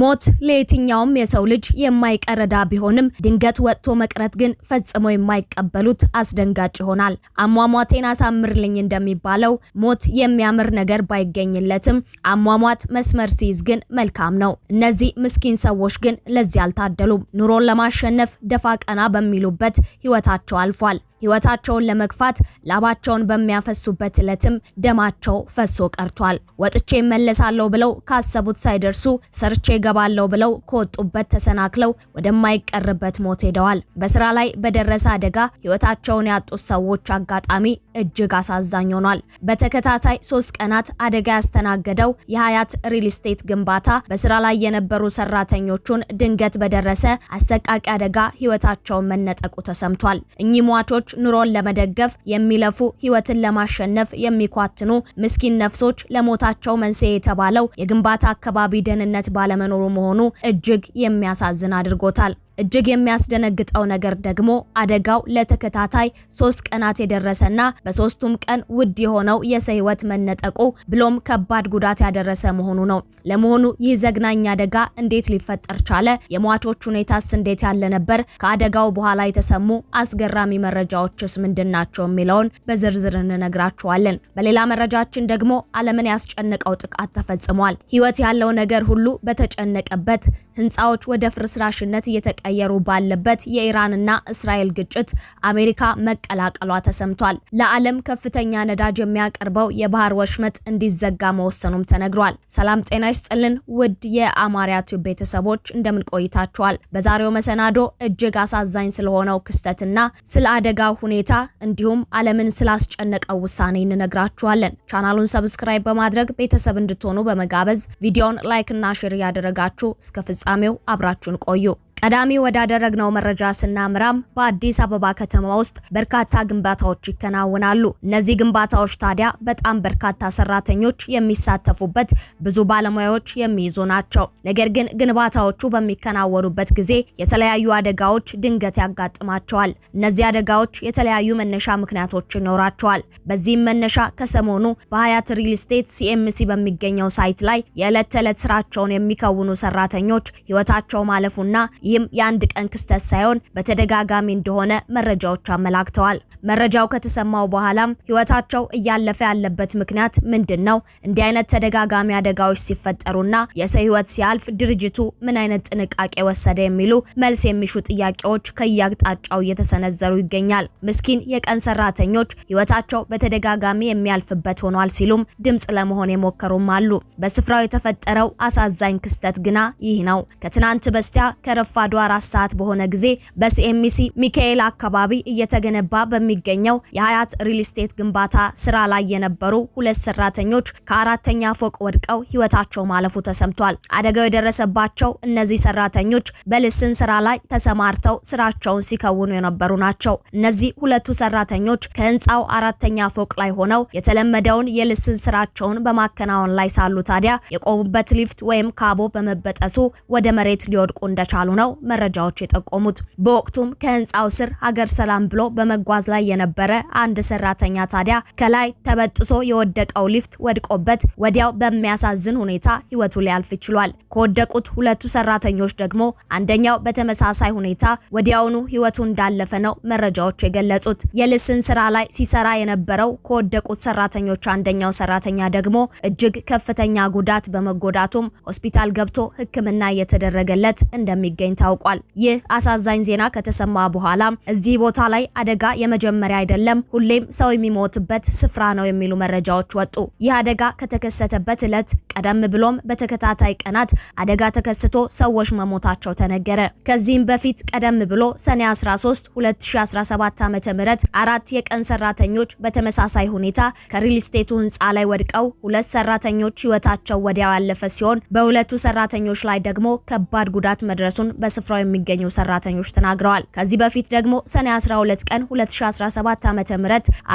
ሞት ለየትኛውም የሰው ልጅ የማይቀረዳ ቢሆንም ድንገት ወጥቶ መቅረት ግን ፈጽሞ የማይቀበሉት አስደንጋጭ ይሆናል። አሟሟቴን አሳምርልኝ እንደሚባለው ሞት የሚያምር ነገር ባይገኝለትም አሟሟት መስመር ሲይዝ ግን መልካም ነው። እነዚህ ምስኪን ሰዎች ግን ለዚህ አልታደሉም። ኑሮን ለማሸነፍ ደፋ ቀና በሚሉበት ህይወታቸው አልፏል። ህይወታቸውን ለመግፋት ላባቸውን በሚያፈሱበት ዕለትም ደማቸው ፈሶ ቀርቷል። ወጥቼ መለሳለሁ ብለው ካሰቡት ሳይደርሱ ሰርቼ ገባለሁ ብለው ከወጡበት ተሰናክለው ወደማይቀርበት ሞት ሄደዋል። በስራ ላይ በደረሰ አደጋ ህይወታቸውን ያጡት ሰዎች አጋጣሚ እጅግ አሳዛኝ ሆኗል። በተከታታይ ሶስት ቀናት አደጋ ያስተናገደው የሀያት ሪል ስቴት ግንባታ በስራ ላይ የነበሩ ሰራተኞቹን ድንገት በደረሰ አሰቃቂ አደጋ ህይወታቸውን መነጠቁ ተሰምቷል። እኚህ ሟቾች ኑሮን ለመደገፍ የሚለፉ ህይወትን ለማሸነፍ የሚኳትኑ ምስኪን ነፍሶች ለሞታቸው መንስኤ የተባለው የግንባታ አካባቢ ደህንነት ባለመኖሩ መሆኑ እጅግ የሚያሳዝን አድርጎታል። እጅግ የሚያስደነግጠው ነገር ደግሞ አደጋው ለተከታታይ ሶስት ቀናት የደረሰና በሶስቱም ቀን ውድ የሆነው የሰው መነጠቁ ብሎም ከባድ ጉዳት ያደረሰ መሆኑ ነው። ለመሆኑ ይህ ዘግናኝ አደጋ እንዴት ሊፈጠር ቻለ? የሟቾች ሁኔታስ እንዴት ያለ ነበር? ከአደጋው በኋላ የተሰሙ አስገራሚ መረጃዎችስ ምንድን ናቸው? የሚለውን በዝርዝር እንነግራችኋለን። በሌላ መረጃችን ደግሞ ዓለምን ያስጨነቀው ጥቃት ተፈጽሟል። ህይወት ያለው ነገር ሁሉ በተጨነቀበት ህንፃዎች ወደ ፍርስራሽነት እየተቀ እየተቀየሩ ባለበት የኢራንና እስራኤል ግጭት አሜሪካ መቀላቀሏ ተሰምቷል። ለዓለም ከፍተኛ ነዳጅ የሚያቀርበው የባህር ወሽመጥ እንዲዘጋ መወሰኑም ተነግሯል። ሰላም ጤና ይስጥልን ውድ የአማርያ ቲዩብ ቤተሰቦች እንደምን ቆይታችኋል? በዛሬው መሰናዶ እጅግ አሳዛኝ ስለሆነው ክስተትና ስለ አደጋው ሁኔታ እንዲሁም ዓለምን ስላስጨነቀው ውሳኔ እንነግራችኋለን። ቻናሉን ሰብስክራይብ በማድረግ ቤተሰብ እንድትሆኑ በመጋበዝ ቪዲዮውን ላይክ እና ሼር እያደረጋችሁ እስከ ፍጻሜው አብራችሁን ቆዩ። ቀዳሚ ወዳደረግነው መረጃ ስናምራም በአዲስ አበባ ከተማ ውስጥ በርካታ ግንባታዎች ይከናወናሉ። እነዚህ ግንባታዎች ታዲያ በጣም በርካታ ሰራተኞች የሚሳተፉበት፣ ብዙ ባለሙያዎች የሚይዙ ናቸው። ነገር ግን ግንባታዎቹ በሚከናወኑበት ጊዜ የተለያዩ አደጋዎች ድንገት ያጋጥማቸዋል። እነዚህ አደጋዎች የተለያዩ መነሻ ምክንያቶች ይኖራቸዋል። በዚህም መነሻ ከሰሞኑ በሀያት ሪል ስቴት ሲኤምሲ በሚገኘው ሳይት ላይ የዕለት ተዕለት ስራቸውን የሚከውኑ ሰራተኞች ህይወታቸው ማለፉና ይህም የአንድ ቀን ክስተት ሳይሆን በተደጋጋሚ እንደሆነ መረጃዎች አመላክተዋል። መረጃው ከተሰማው በኋላም ህይወታቸው እያለፈ ያለበት ምክንያት ምንድን ነው? እንዲህ አይነት ተደጋጋሚ አደጋዎች ሲፈጠሩና የሰው ህይወት ሲያልፍ ድርጅቱ ምን አይነት ጥንቃቄ ወሰደ? የሚሉ መልስ የሚሹ ጥያቄዎች ከየአቅጣጫው እየተሰነዘሩ ይገኛል። ምስኪን የቀን ሰራተኞች ህይወታቸው በተደጋጋሚ የሚያልፍበት ሆኗል ሲሉም ድምጽ ለመሆን የሞከሩም አሉ። በስፍራው የተፈጠረው አሳዛኝ ክስተት ግና ይህ ነው። ከትናንት በስቲያ ከረፋዱ አራት ሰዓት በሆነ ጊዜ በሲኤምሲ ሚካኤል አካባቢ እየተገነባ በሚ በሚገኘው የሀያት ሪል ስቴት ግንባታ ስራ ላይ የነበሩ ሁለት ሰራተኞች ከአራተኛ ፎቅ ወድቀው ህይወታቸው ማለፉ ተሰምቷል። አደጋው የደረሰባቸው እነዚህ ሰራተኞች በልስን ስራ ላይ ተሰማርተው ስራቸውን ሲከውኑ የነበሩ ናቸው። እነዚህ ሁለቱ ሰራተኞች ከህንፃው አራተኛ ፎቅ ላይ ሆነው የተለመደውን የልስን ስራቸውን በማከናወን ላይ ሳሉ ታዲያ የቆሙበት ሊፍት ወይም ካቦ በመበጠሱ ወደ መሬት ሊወድቁ እንደቻሉ ነው መረጃዎች የጠቆሙት። በወቅቱም ከህንፃው ስር ሀገር ሰላም ብሎ በመጓዝ ላይ ላይ የነበረ አንድ ሰራተኛ ታዲያ ከላይ ተበጥሶ የወደቀው ሊፍት ወድቆበት ወዲያው በሚያሳዝን ሁኔታ ህይወቱ ሊያልፍ ችሏል። ከወደቁት ሁለቱ ሰራተኞች ደግሞ አንደኛው በተመሳሳይ ሁኔታ ወዲያውኑ ህይወቱ እንዳለፈ ነው መረጃዎች የገለጹት። የልስን ስራ ላይ ሲሰራ የነበረው ከወደቁት ሰራተኞች አንደኛው ሰራተኛ ደግሞ እጅግ ከፍተኛ ጉዳት በመጎዳቱም ሆስፒታል ገብቶ ሕክምና እየተደረገለት እንደሚገኝ ታውቋል። ይህ አሳዛኝ ዜና ከተሰማ በኋላም እዚህ ቦታ ላይ አደጋ የመጀመ የመጀመሪያ አይደለም፣ ሁሌም ሰው የሚሞትበት ስፍራ ነው የሚሉ መረጃዎች ወጡ። ይህ አደጋ ከተከሰተበት ዕለት ቀደም ብሎም በተከታታይ ቀናት አደጋ ተከስቶ ሰዎች መሞታቸው ተነገረ። ከዚህም በፊት ቀደም ብሎ ሰኔ 13 2017 ዓ.ም አራት የቀን ሰራተኞች በተመሳሳይ ሁኔታ ከሪል ስቴቱ ህንፃ ላይ ወድቀው ሁለት ሰራተኞች ህይወታቸው ወዲያው ያለፈ ሲሆን በሁለቱ ሰራተኞች ላይ ደግሞ ከባድ ጉዳት መድረሱን በስፍራው የሚገኙ ሰራተኞች ተናግረዋል። ከዚህ በፊት ደግሞ ሰኔ 12 ቀን 2017 2017 ዓ.ም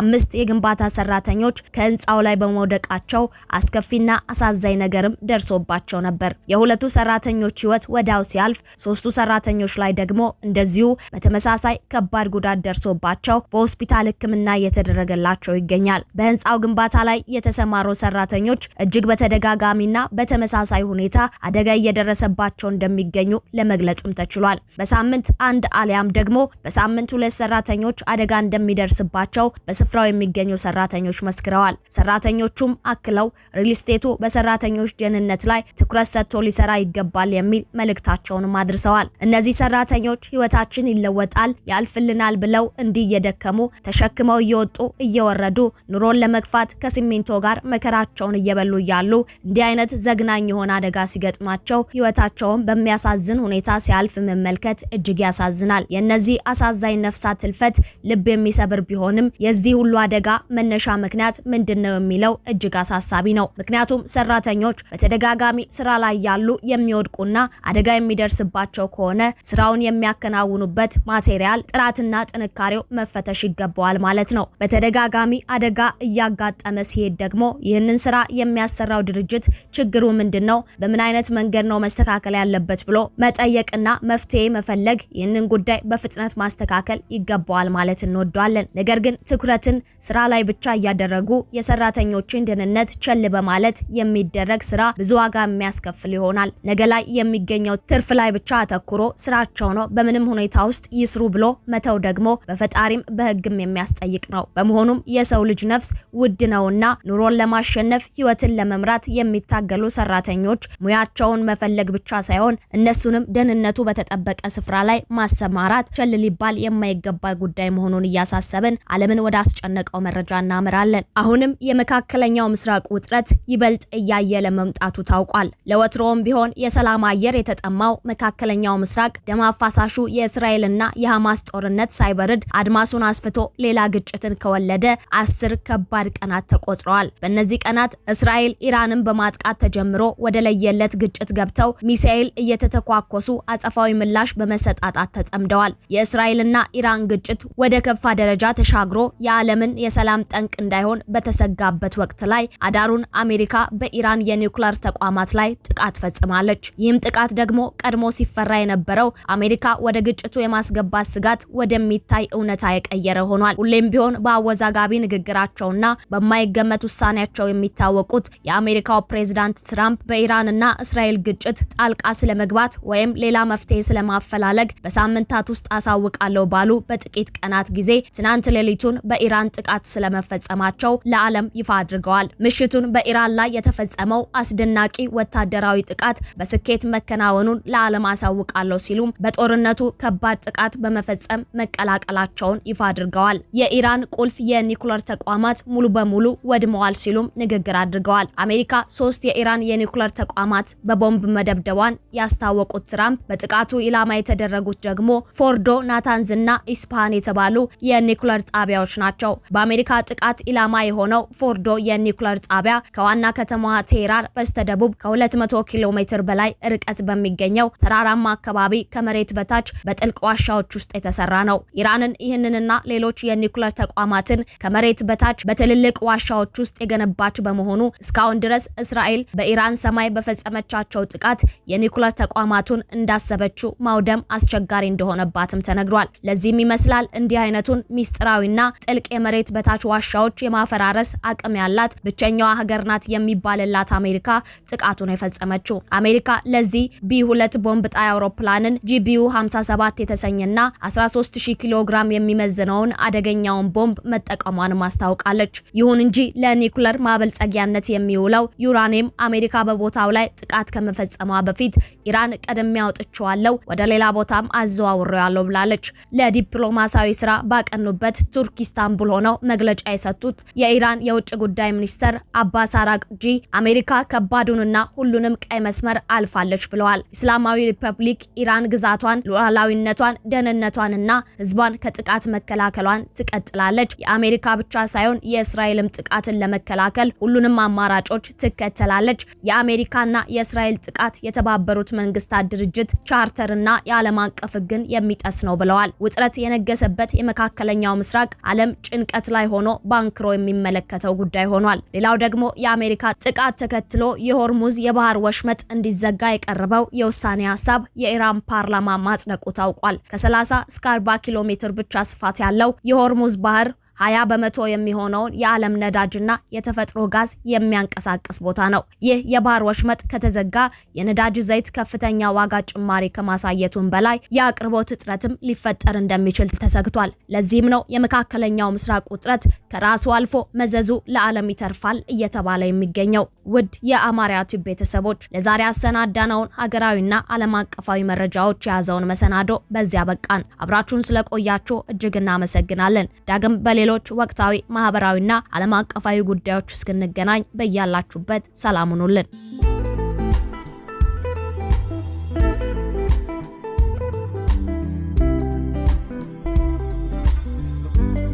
አምስት የግንባታ ሰራተኞች ከህንፃው ላይ በመውደቃቸው አስከፊና አሳዛኝ ነገርም ደርሶባቸው ነበር። የሁለቱ ሰራተኞች ህይወት ወዲያው ሲያልፍ፣ ሶስቱ ሰራተኞች ላይ ደግሞ እንደዚሁ በተመሳሳይ ከባድ ጉዳት ደርሶባቸው በሆስፒታል ህክምና እየተደረገላቸው ይገኛል። በህንፃው ግንባታ ላይ የተሰማሩ ሰራተኞች እጅግ በተደጋጋሚና በተመሳሳይ ሁኔታ አደጋ እየደረሰባቸው እንደሚገኙ ለመግለጽም ተችሏል። በሳምንት አንድ አሊያም ደግሞ በሳምንት ሁለት ሰራተኞች አደጋ እንደሚደርስባቸው በስፍራው የሚገኙ ሰራተኞች መስክረዋል። ሰራተኞቹም አክለው ሪልስቴቱ በሰራተኞች ደህንነት ላይ ትኩረት ሰጥቶ ሊሰራ ይገባል የሚል መልእክታቸውንም አድርሰዋል። እነዚህ ሰራተኞች ህይወታችን ይለወጣል፣ ያልፍልናል ብለው እንዲህ እየደከሙ ተሸክመው እየወጡ እየወረዱ ኑሮን ለመግፋት ከሲሚንቶ ጋር መከራቸውን እየበሉ እያሉ እንዲህ አይነት ዘግናኝ የሆነ አደጋ ሲገጥማቸው ህይወታቸውን በሚያሳዝን ሁኔታ ሲያልፍ መመልከት እጅግ ያሳዝናል። የእነዚህ አሳዛኝ ነፍሳት ህልፈት ልብ የሚሰብር ቢሆንም የዚህ ሁሉ አደጋ መነሻ ምክንያት ምንድን ነው የሚለው እጅግ አሳሳቢ ነው። ምክንያቱም ሰራተኞች በተደጋጋሚ ስራ ላይ ያሉ የሚወድቁና አደጋ የሚደርስባቸው ከሆነ ስራውን የሚያከናውኑበት ማቴሪያል ጥራትና ጥንካሬው መፈተሽ ይገባዋል ማለት ነው። በተደጋጋሚ አደጋ እያጋጠመ ሲሄድ ደግሞ ይህንን ስራ የሚያሰራው ድርጅት ችግሩ ምንድን ነው፣ በምን አይነት መንገድ ነው መስተካከል ያለበት ብሎ መጠየቅና መፍትሄ መፈለግ፣ ይህንን ጉዳይ በፍጥነት ማስተካከል ይገባዋል ማለት ነው። እንወደዋለን። ነገር ግን ትኩረትን ስራ ላይ ብቻ እያደረጉ የሰራተኞችን ደህንነት ቸል በማለት የሚደረግ ስራ ብዙ ዋጋ የሚያስከፍል ይሆናል። ነገ ላይ የሚገኘው ትርፍ ላይ ብቻ አተኩሮ ስራቸው ነው በምንም ሁኔታ ውስጥ ይስሩ ብሎ መተው ደግሞ በፈጣሪም በህግም የሚያስጠይቅ ነው። በመሆኑም የሰው ልጅ ነፍስ ውድ ነውና ኑሮን ለማሸነፍ ህይወትን ለመምራት የሚታገሉ ሰራተኞች ሙያቸውን መፈለግ ብቻ ሳይሆን እነሱንም ደህንነቱ በተጠበቀ ስፍራ ላይ ማሰማራት ቸል ሊባል የማይገባ ጉዳይ መሆኑን እያሳሰብን ዓለምን ወደ አስጨነቀው መረጃ እናምራለን። አሁንም የመካከለኛው ምስራቅ ውጥረት ይበልጥ እያየለ መምጣቱ ታውቋል። ለወትሮውም ቢሆን የሰላም አየር የተጠማው መካከለኛው ምስራቅ ደም አፋሳሹ የእስራኤልና የሐማስ ጦርነት ሳይበርድ አድማሱን አስፍቶ ሌላ ግጭትን ከወለደ አስር ከባድ ቀናት ተቆጥረዋል። በእነዚህ ቀናት እስራኤል ኢራንን በማጥቃት ተጀምሮ ወደ ለየለት ግጭት ገብተው ሚሳኤል እየተተኳኮሱ አጸፋዊ ምላሽ በመሰጣጣት ተጠምደዋል። የእስራኤልና ኢራን ግጭት ወደ ከፍ በከፋ ደረጃ ተሻግሮ የዓለምን የሰላም ጠንቅ እንዳይሆን በተሰጋበት ወቅት ላይ አዳሩን አሜሪካ በኢራን የኒውክሌር ተቋማት ላይ ጥቃት ፈጽማለች። ይህም ጥቃት ደግሞ ቀድሞ ሲፈራ የነበረው አሜሪካ ወደ ግጭቱ የማስገባት ስጋት ወደሚታይ እውነታ የቀየረ ሆኗል። ሁሌም ቢሆን በአወዛጋቢ ንግግራቸውና በማይገመት ውሳኔያቸው የሚታወቁት የአሜሪካው ፕሬዝዳንት ትራምፕ በኢራንና እስራኤል ግጭት ጣልቃ ስለመግባት ወይም ሌላ መፍትሄ ስለማፈላለግ በሳምንታት ውስጥ አሳውቃለሁ ባሉ በጥቂት ቀናት ጊዜ ትናንት ሌሊቱን በኢራን ጥቃት ስለመፈጸማቸው ለዓለም ይፋ አድርገዋል። ምሽቱን በኢራን ላይ የተፈጸመው አስደናቂ ወታደራዊ ጥቃት በስኬት መከናወኑን ለዓለም አሳውቃለሁ ሲሉም በጦርነቱ ከባድ ጥቃት በመፈጸም መቀላቀላቸውን ይፋ አድርገዋል። የኢራን ቁልፍ የኒኩለር ተቋማት ሙሉ በሙሉ ወድመዋል ሲሉም ንግግር አድርገዋል። አሜሪካ ሶስት የኢራን የኒኩለር ተቋማት በቦምብ መደብደቧን ያስታወቁት ትራምፕ በጥቃቱ ኢላማ የተደረጉት ደግሞ ፎርዶ፣ ናታንዝ እና ኢስፓሃን የተባሉ የኒኩለር ጣቢያዎች ናቸው። በአሜሪካ ጥቃት ኢላማ የሆነው ፎርዶ የኒኩለር ጣቢያ ከዋና ከተማዋ ቴህራን በስተደቡብ ከ200 ኪሎ ሜትር በላይ ርቀት በሚገኘው ተራራማ አካባቢ ከመሬት በታች በጥልቅ ዋሻዎች ውስጥ የተሰራ ነው። ኢራንን ይህንንና ሌሎች የኒኩለር ተቋማትን ከመሬት በታች በትልልቅ ዋሻዎች ውስጥ የገነባች በመሆኑ እስካሁን ድረስ እስራኤል በኢራን ሰማይ በፈጸመቻቸው ጥቃት የኒኩለር ተቋማቱን እንዳሰበችው ማውደም አስቸጋሪ እንደሆነባትም ተነግሯል። ለዚህም ይመስላል እንዲህ አይነቱ የሀገሪቱን ሚስጥራዊና ጥልቅ የመሬት በታች ዋሻዎች የማፈራረስ አቅም ያላት ብቸኛዋ ሀገር ናት የሚባልላት አሜሪካ ጥቃቱን የፈጸመችው። አሜሪካ ለዚህ ቢ2 ቦምብ ጣይ አውሮፕላንን ጂቢዩ 57 የተሰኘና 130 ኪሎ ግራም የሚመዝነውን አደገኛውን ቦምብ መጠቀሟን ማስታውቃለች። ይሁን እንጂ ለኒኩለር ማበልጸጊያነት የሚውለው ዩራኒየም አሜሪካ በቦታው ላይ ጥቃት ከመፈጸሟ በፊት ኢራን ቀድሜ አውጥቼዋለሁ፣ ወደ ሌላ ቦታም አዘዋውሬዋለሁ ብላለች። ለዲፕሎማሲያዊ ስራ ባቀኑበት ቱርክ ኢስታንቡል ሆነው መግለጫ የሰጡት የኢራን የውጭ ጉዳይ ሚኒስተር አባስ አራቅጂ አሜሪካ ከባዱንና ሁሉንም ቀይ መስመር አልፋለች ብለዋል። እስላማዊ ሪፐብሊክ ኢራን ግዛቷን፣ ሉዓላዊነቷን፣ ደህንነቷንና ሕዝቧን ከጥቃት መከላከሏን ትቀጥላለች። የአሜሪካ ብቻ ሳይሆን የእስራኤልም ጥቃትን ለመከላከል ሁሉንም አማራጮች ትከተላለች። የአሜሪካና የእስራኤል ጥቃት የተባበሩት መንግስታት ድርጅት ቻርተርና የዓለም አቀፍ ህግን የሚጠስ ነው ብለዋል። ውጥረት የነገሰበት የመካከል መካከለኛው ምስራቅ ዓለም ጭንቀት ላይ ሆኖ ባንክሮ የሚመለከተው ጉዳይ ሆኗል። ሌላው ደግሞ የአሜሪካ ጥቃት ተከትሎ የሆርሙዝ የባህር ወሽመጥ እንዲዘጋ የቀረበው የውሳኔ ሀሳብ የኢራን ፓርላማ ማጽደቁ ታውቋል። ከ30 እስከ 40 ኪሎ ሜትር ብቻ ስፋት ያለው የሆርሙዝ ባህር ሀያ በመቶ የሚሆነውን የዓለም ነዳጅና የተፈጥሮ ጋዝ የሚያንቀሳቅስ ቦታ ነው። ይህ የባህር ወሽመጥ ከተዘጋ የነዳጅ ዘይት ከፍተኛ ዋጋ ጭማሪ ከማሳየቱን በላይ የአቅርቦት እጥረትም ሊፈጠር እንደሚችል ተሰግቷል። ለዚህም ነው የመካከለኛው ምስራቅ ውጥረት ከራሱ አልፎ መዘዙ ለዓለም ይተርፋል እየተባለ የሚገኘው። ውድ የአማርያ ቲዩብ ቤተሰቦች ለዛሬ አሰናዳነውን ሀገራዊና ዓለም አቀፋዊ መረጃዎች የያዘውን መሰናዶ በዚያ በቃን። አብራችሁን ስለቆያችሁ እጅግ እናመሰግናለን። ዳግም በሌሎች ወቅታዊ ማህበራዊና ዓለም አቀፋዊ ጉዳዮች እስክንገናኝ በያላችሁበት ሰላም ሁኑልን።